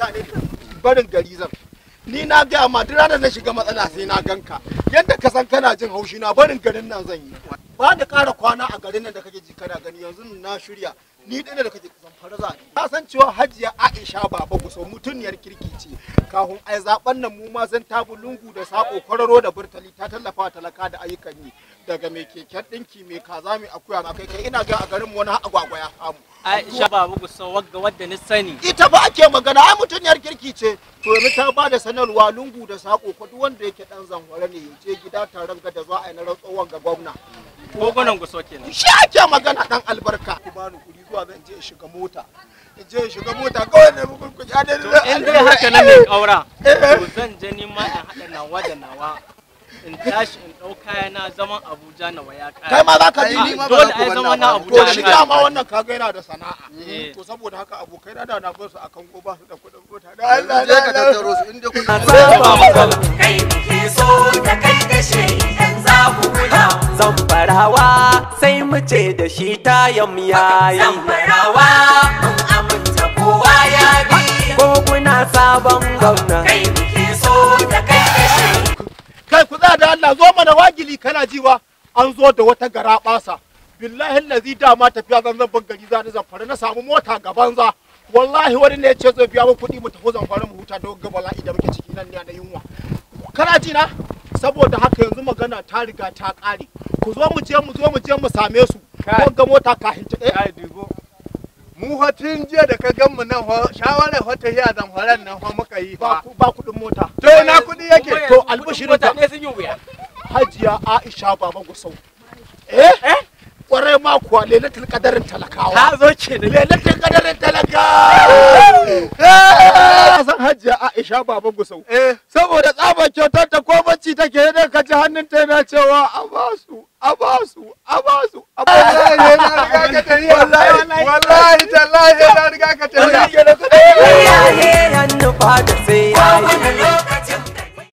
mutane barin gari zan ni na gaya ma duk ranar na shiga matsala sai na ganka yadda ka san kana jin haushi na barin garin nan zan yi ba da ƙara kwana a garin nan da kake ji kana gani yanzu na shirya ni ɗin da kake kusan farza ne ka san cewa hajiya aisha baba kusa mutuniyar kirki ce kafin ai zaben nan mu ma zan tabu lungu da sako kwararo da burtali ta tallafa talaka da ayyukan yi daga mai keken ɗinki mai kaza mai akuya ma kai kai ina ga a garin mu wani agwagwa ya samu Aisha babu gusa wagga wadda ni sani. Ita ba ake magana ai mutuniyar kirki ce. To yanzu ta ba da sanarwa lungu da sako ko duk wanda yake dan zanwara ne ya je gida taron da za a yi na rantsuwan ga gwamna. Ko Kogunan so kenan. Shi ake magana dan albarka. Ku bani kuɗi zuwa zan je shiga mota. In je shiga mota kawai ne mugun kuɗi. In dai haka na mai ƙaura. Eh. To zan je ni ma in haɗa nawa da nawa. in tashi in ɗau kayana zaman Abuja na waya kaya. Kai ma za ka ji ni ma ba za ku na Abuja. To shi dama wannan kaga yana da sana'a. Eh. To saboda haka abokai na da na bar su akan ko ba su da kuɗin mota. Da Allah da ka tattaro su inda kuɗin mota. Kai muke so ka kai da shi dan za ku kula. farawa, sai mu ce da shi yi. Zan farawa, mun aminta kowa ya bi. Ko kuna sabon gwamna. Kai Allah zo mana wagili kana jiwa an zo da wata gara basa billahi lazi dama tafiya zan zan bar gari zan zan fara na samu mota gaban za wallahi wani ne ce zai biya mu kuɗi mu tafi fara mu huta da gaba la'i da muke ciki nan ne na yunwa kana ji na saboda haka yanzu magana ta riga ta ƙare ku zo mu je mu zo mu je mu same su ko ga mota ka hinta eh mu hatin jiya da ka gan mu nan shawarar wata hiya fara nan fa muka yi ba ba kuɗin mota to na kuɗi yake to albushirin ta ne sun yi wuya hajiya aisha baban gusau eh eh ma kuwa lailatul kadarin talakawa ta zo ce da lailatul qadarin talakawa san hajiya aisha baban gusau Eh. saboda tsabar kyautar ta ko bacci take da ka ji hannun ta yana cewa a basu a basu a basu a basu wallahi wallahi tallahi na riga ka tafiya wallahi